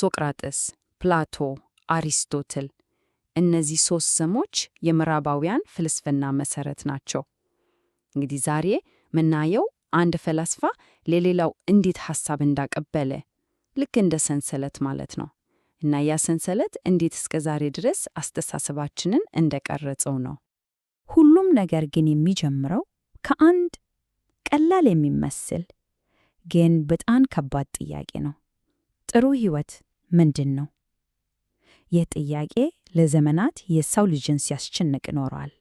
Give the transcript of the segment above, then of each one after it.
ሶቅራጥስ፣ ፕላቶ፣ አሪስቶትል እነዚህ ሶስት ስሞች የምዕራባውያን ፍልስፍና መሰረት ናቸው። እንግዲህ ዛሬ ምናየው አንድ ፈላስፋ ለሌላው እንዴት ሐሳብ እንዳቀበለ ልክ እንደ ሰንሰለት ማለት ነው እና ያ ሰንሰለት እንዴት እስከ ዛሬ ድረስ አስተሳሰባችንን እንደቀረጸው ነው። ሁሉም ነገር ግን የሚጀምረው ከአንድ ቀላል የሚመስል ግን በጣም ከባድ ጥያቄ ነው። ጥሩ ህይወት። ምንድን ነው? ይህ ጥያቄ ለዘመናት የሰው ልጅን ሲያስጨንቅ ኖሯል።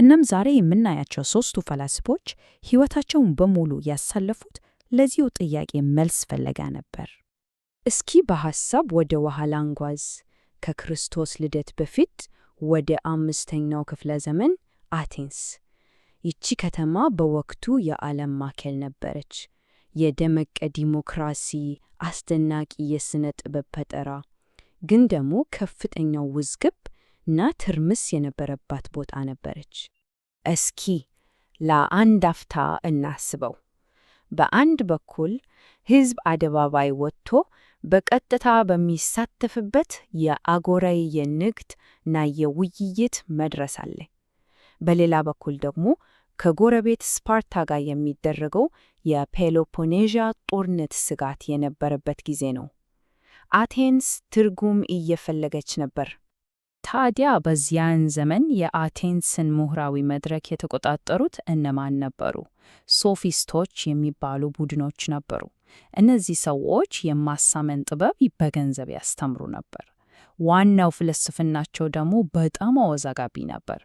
እናም ዛሬ የምናያቸው ሦስቱ ፈላስፎች ሕይወታቸውን በሙሉ ያሳለፉት ለዚሁ ጥያቄ መልስ ፈለጋ ነበር። እስኪ በሐሳብ ወደ ኋላ እንጓዝ። ከክርስቶስ ልደት በፊት ወደ አምስተኛው ክፍለ ዘመን አቴንስ። ይቺ ከተማ በወቅቱ የዓለም ማዕከል ነበረች። የደመቀ ዲሞክራሲ፣ አስደናቂ የሥነ ጥበብ ፈጠራ፣ ግን ደግሞ ከፍተኛው ውዝግብ እና ትርምስ የነበረባት ቦታ ነበረች። እስኪ ለአንድ አፍታ እናስበው። በአንድ በኩል ሕዝብ አደባባይ ወጥቶ በቀጥታ በሚሳተፍበት የአጎራዊ እና የውይይት መድረስ አለ። በሌላ በኩል ደግሞ ከጎረቤት ስፓርታ ጋር የሚደረገው የፔሎፖኔዣ ጦርነት ስጋት የነበረበት ጊዜ ነው። አቴንስ ትርጉም እየፈለገች ነበር። ታዲያ በዚያን ዘመን የአቴንስን ምሁራዊ መድረክ የተቆጣጠሩት እነማን ነበሩ? ሶፊስቶች የሚባሉ ቡድኖች ነበሩ። እነዚህ ሰዎች የማሳመን ጥበብ በገንዘብ ያስተምሩ ነበር። ዋናው ፍልስፍናቸው ደግሞ በጣም አወዛጋቢ ነበር።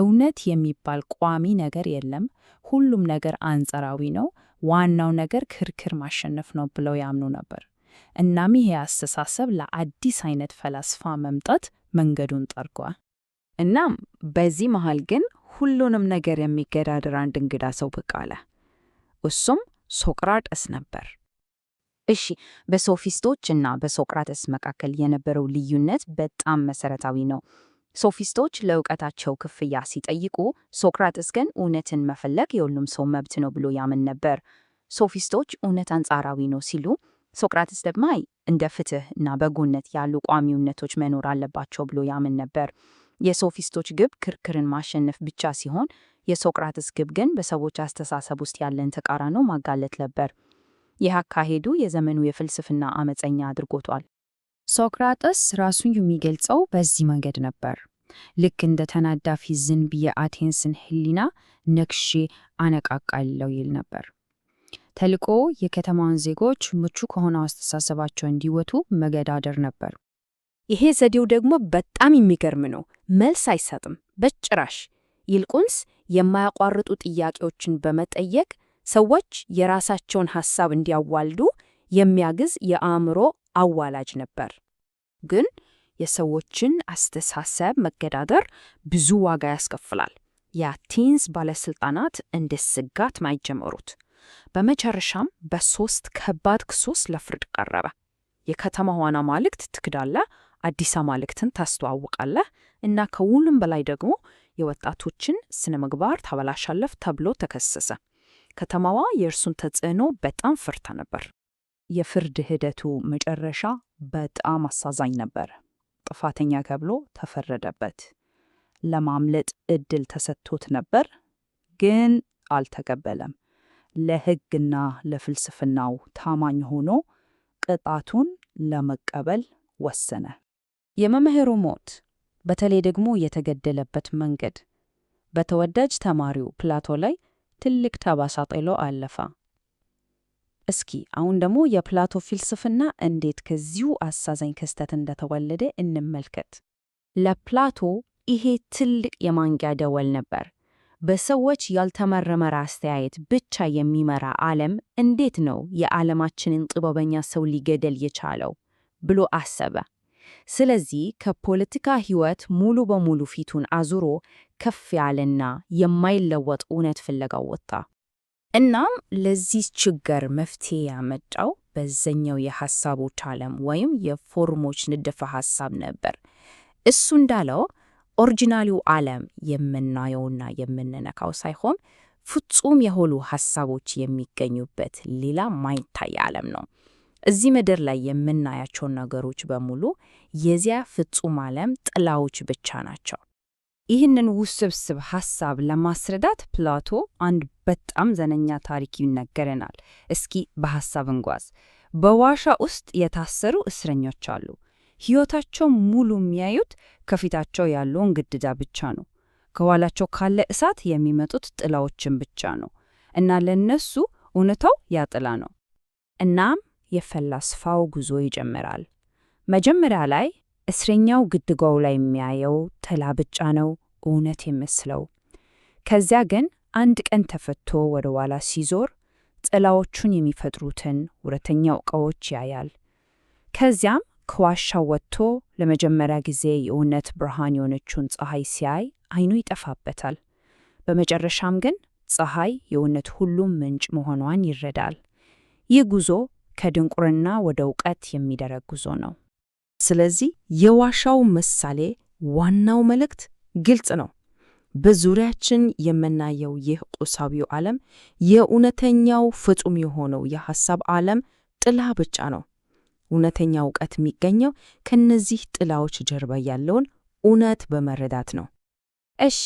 እውነት የሚባል ቋሚ ነገር የለም፣ ሁሉም ነገር አንጸራዊ ነው፣ ዋናው ነገር ክርክር ማሸነፍ ነው ብለው ያምኑ ነበር። እናም ይሄ አስተሳሰብ ለአዲስ አይነት ፈላስፋ መምጣት መንገዱን ጠርጓል። እናም በዚህ መሃል ግን ሁሉንም ነገር የሚገዳደር አንድ እንግዳ ሰው ብቅ አለ። እሱም ሶቅራጠስ ነበር። እሺ፣ በሶፊስቶች እና በሶቅራጠስ መካከል የነበረው ልዩነት በጣም መሰረታዊ ነው። ሶፊስቶች ለእውቀታቸው ክፍያ ሲጠይቁ፣ ሶክራጥስ ግን እውነትን መፈለግ የሁሉም ሰው መብት ነው ብሎ ያምን ነበር። ሶፊስቶች እውነት አንጻራዊ ነው ሲሉ፣ ሶክራጥስ ደግሞ እንደ ፍትህ እና በጎነት ያሉ ቋሚ እውነቶች መኖር አለባቸው ብሎ ያምን ነበር። የሶፊስቶች ግብ ክርክርን ማሸነፍ ብቻ ሲሆን፣ የሶቅራጥስ ግብ ግን በሰዎች አስተሳሰብ ውስጥ ያለን ተቃራኖ ማጋለጥ ነበር። ይህ አካሄዱ የዘመኑ የፍልስፍና አመፀኛ አድርጎቷል። ሶቅራጠስ ራሱን የሚገልጸው በዚህ መንገድ ነበር። ልክ እንደ ተናዳፊ ዝንብ የአቴንስን ህሊና ነክሼ አነቃቃለው ይል ነበር። ተልቆ የከተማውን ዜጎች ምቹ ከሆነው አስተሳሰባቸው እንዲወቱ መገዳደር ነበር። ይሄ ዘዴው ደግሞ በጣም የሚገርም ነው። መልስ አይሰጥም በጭራሽ። ይልቁንስ የማያቋርጡ ጥያቄዎችን በመጠየቅ ሰዎች የራሳቸውን ሐሳብ እንዲያዋልዱ የሚያግዝ የአእምሮ አዋላጅ ነበር። ግን የሰዎችን አስተሳሰብ መገዳደር ብዙ ዋጋ ያስከፍላል። የአቴንስ ባለሥልጣናት እንደ ስጋት ማይጀመሩት። በመጨረሻም በሦስት ከባድ ክሶች ለፍርድ ቀረበ። የከተማዋን አማልክት ትክዳለ፣ አዲስ አማልክትን ታስተዋውቃለ፣ እና ከሁሉም በላይ ደግሞ የወጣቶችን ስነ ምግባር ታበላሻለፍ ተብሎ ተከሰሰ። ከተማዋ የእርሱን ተጽዕኖ በጣም ፈርታ ነበር። የፍርድ ሂደቱ መጨረሻ በጣም አሳዛኝ ነበር። ጥፋተኛ ተብሎ ተፈረደበት። ለማምለጥ እድል ተሰጥቶት ነበር፣ ግን አልተቀበለም። ለሕግና ለፍልስፍናው ታማኝ ሆኖ ቅጣቱን ለመቀበል ወሰነ። የመምህሩ ሞት፣ በተለይ ደግሞ የተገደለበት መንገድ በተወዳጅ ተማሪው ፕላቶ ላይ ትልቅ ጠባሳ ጥሎ አለፈ። እስኪ አሁን ደግሞ የፕላቶ ፍልስፍና እንዴት ከዚሁ አሳዛኝ ክስተት እንደተወለደ እንመልከት። ለፕላቶ ይሄ ትልቅ የማንቂያ ደወል ነበር። በሰዎች ያልተመረመረ አስተያየት ብቻ የሚመራ ዓለም እንዴት ነው የዓለማችንን ጥበበኛ ሰው ሊገደል የቻለው ብሎ አሰበ። ስለዚህ ከፖለቲካ ሕይወት ሙሉ በሙሉ ፊቱን አዙሮ ከፍ ያለና የማይለወጥ እውነት ፍለጋው ወጣ። እናም ለዚህ ችግር መፍትሄ ያመጣው በዘኛው የሐሳቦች ዓለም ወይም የፎርሞች ንድፈ ሐሳብ ነበር። እሱ እንዳለው ኦሪጂናሊው ዓለም የምናየውና የምንነካው ሳይሆን ፍጹም የሆኑ ሐሳቦች የሚገኙበት ሌላ ማይታይ ዓለም ነው። እዚህ ምድር ላይ የምናያቸው ነገሮች በሙሉ የዚያ ፍጹም ዓለም ጥላዎች ብቻ ናቸው። ይህንን ውስብስብ ሐሳብ ለማስረዳት ፕላቶ አንድ በጣም ዘነኛ ታሪክ ይነገረናል። እስኪ በሐሳብ እንጓዝ። በዋሻ ውስጥ የታሰሩ እስረኞች አሉ። ሕይወታቸው ሙሉ የሚያዩት ከፊታቸው ያለውን ግድዳ ብቻ ነው። ከኋላቸው ካለ እሳት የሚመጡት ጥላዎችን ብቻ ነው እና ለነሱ እውነታው ያ ጥላ ነው። እናም የፈላስፋው ጉዞ ይጀምራል። መጀመሪያ ላይ እስረኛው ግድጓው ላይ የሚያየው ጥላ ብቻ ነው እውነት የመስለው። ከዚያ ግን አንድ ቀን ተፈቶ ወደ ኋላ ሲዞር ጥላዎቹን የሚፈጥሩትን ውረተኛው ዕቃዎች ያያል። ከዚያም ከዋሻው ወጥቶ ለመጀመሪያ ጊዜ የእውነት ብርሃን የሆነችውን ፀሐይ ሲያይ አይኑ ይጠፋበታል። በመጨረሻም ግን ፀሐይ የእውነት ሁሉም ምንጭ መሆኗን ይረዳል። ይህ ጉዞ ከድንቁርና ወደ እውቀት የሚደረግ ጉዞ ነው። ስለዚህ የዋሻው ምሳሌ ዋናው መልእክት ግልጽ ነው። በዙሪያችን የምናየው ይህ ቁሳዊው ዓለም የእውነተኛው ፍጹም የሆነው የሐሳብ ዓለም ጥላ ብቻ ነው። እውነተኛ እውቀት የሚገኘው ከነዚህ ጥላዎች ጀርባ ያለውን እውነት በመረዳት ነው። እሺ፣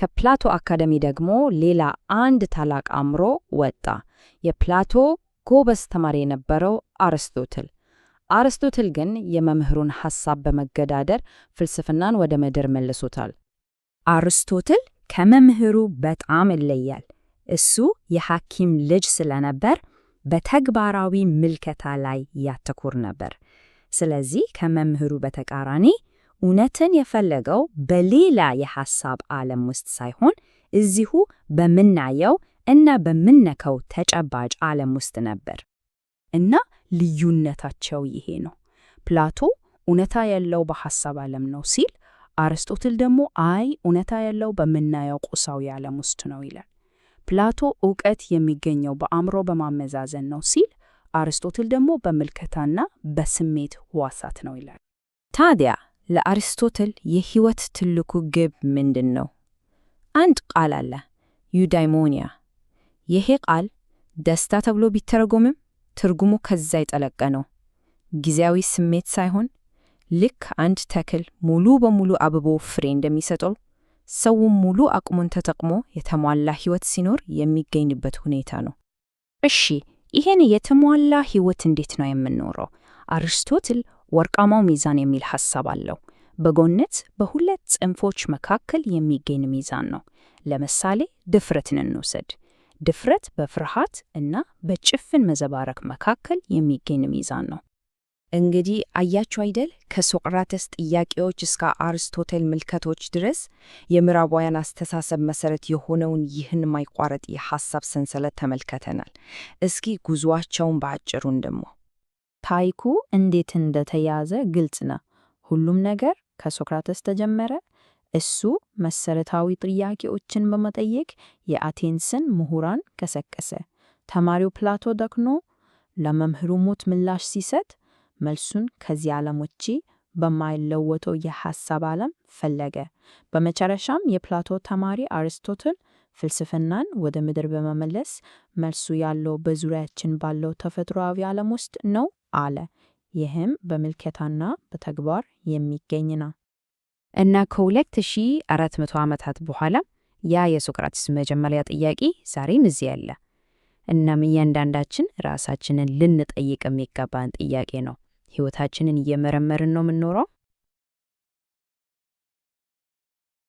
ከፕላቶ አካደሚ ደግሞ ሌላ አንድ ታላቅ አእምሮ ወጣ። የፕላቶ ጎበዝ ተማሪ የነበረው አርስቶትል አርስቶትል ግን የመምህሩን ሐሳብ በመገዳደር ፍልስፍናን ወደ ምድር መልሶታል። አርስቶትል ከመምህሩ በጣም ይለያል። እሱ የሐኪም ልጅ ስለነበር በተግባራዊ ምልከታ ላይ ያተኩር ነበር። ስለዚህ ከመምህሩ በተቃራኒ እውነትን የፈለገው በሌላ የሐሳብ ዓለም ውስጥ ሳይሆን እዚሁ በምናየው እና በምነከው ተጨባጭ ዓለም ውስጥ ነበር። እና ልዩነታቸው ይሄ ነው። ፕላቶ እውነታ ያለው በሐሳብ ዓለም ነው ሲል፣ አርስቶትል ደግሞ አይ እውነታ ያለው በምናየው ቁሳዊ ዓለም ውስጥ ነው ይላል። ፕላቶ እውቀት የሚገኘው በአእምሮ በማመዛዘን ነው ሲል፣ አርስቶትል ደግሞ በምልከታና በስሜት ህዋሳት ነው ይላል። ታዲያ ለአርስቶትል የህይወት ትልቁ ግብ ምንድን ነው? አንድ ቃል አለ፣ ዩዳይሞኒያ። ይሄ ቃል ደስታ ተብሎ ቢተረጎምም ትርጉሙ ከዛ የጠለቀ ነው። ጊዜያዊ ስሜት ሳይሆን ልክ አንድ ተክል ሙሉ በሙሉ አብቦ ፍሬ እንደሚሰጠው ሰውም ሙሉ አቅሙን ተጠቅሞ የተሟላ ሕይወት ሲኖር የሚገኝበት ሁኔታ ነው። እሺ ይህን የተሟላ ሕይወት እንዴት ነው የምንኖረው? አርስቶትል ወርቃማው ሚዛን የሚል ሐሳብ አለው። በጎነት በሁለት ጽንፎች መካከል የሚገኝ ሚዛን ነው። ለምሳሌ ድፍረትን እንውሰድ። ድፍረት በፍርሃት እና በጭፍን መዘባረክ መካከል የሚገኝ ሚዛን ነው። እንግዲህ አያችሁ አይደል? ከሶቅራተስ ጥያቄዎች እስከ አርስቶቴል ምልከቶች ድረስ የምዕራባውያን አስተሳሰብ መሰረት የሆነውን ይህን ማይቋረጥ የሐሳብ ሰንሰለት ተመልከተናል። እስኪ ጉዞአቸውን በአጭሩን ደግሞ ታሪኩ እንዴት እንደተያዘ ግልጽ ነው። ሁሉም ነገር ከሶቅራተስ ተጀመረ። እሱ መሰረታዊ ጥያቄዎችን በመጠየቅ የአቴንስን ምሁራን ቀሰቀሰ። ተማሪው ፕላቶ ደክኖ ለመምህሩ ሞት ምላሽ ሲሰጥ መልሱን ከዚህ ዓለም ውጪ በማይለወጠው የሐሳብ ዓለም ፈለገ። በመጨረሻም የፕላቶ ተማሪ አርስቶትል ፍልስፍናን ወደ ምድር በመመለስ መልሱ ያለው በዙሪያችን ባለው ተፈጥሮአዊ ዓለም ውስጥ ነው አለ። ይህም በምልከታና በተግባር የሚገኝ ነው። እና ከ2400 ዓመታት በኋላ ያ የሶቅራጥስ መጀመሪያ ጥያቄ ዛሬም እዚህ አለ። እናም እያንዳንዳችን ራሳችንን ልንጠይቅ የሚገባን ጥያቄ ነው። ሕይወታችንን እየመረመርን ነው የምንኖረው?